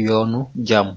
yoonu jàmm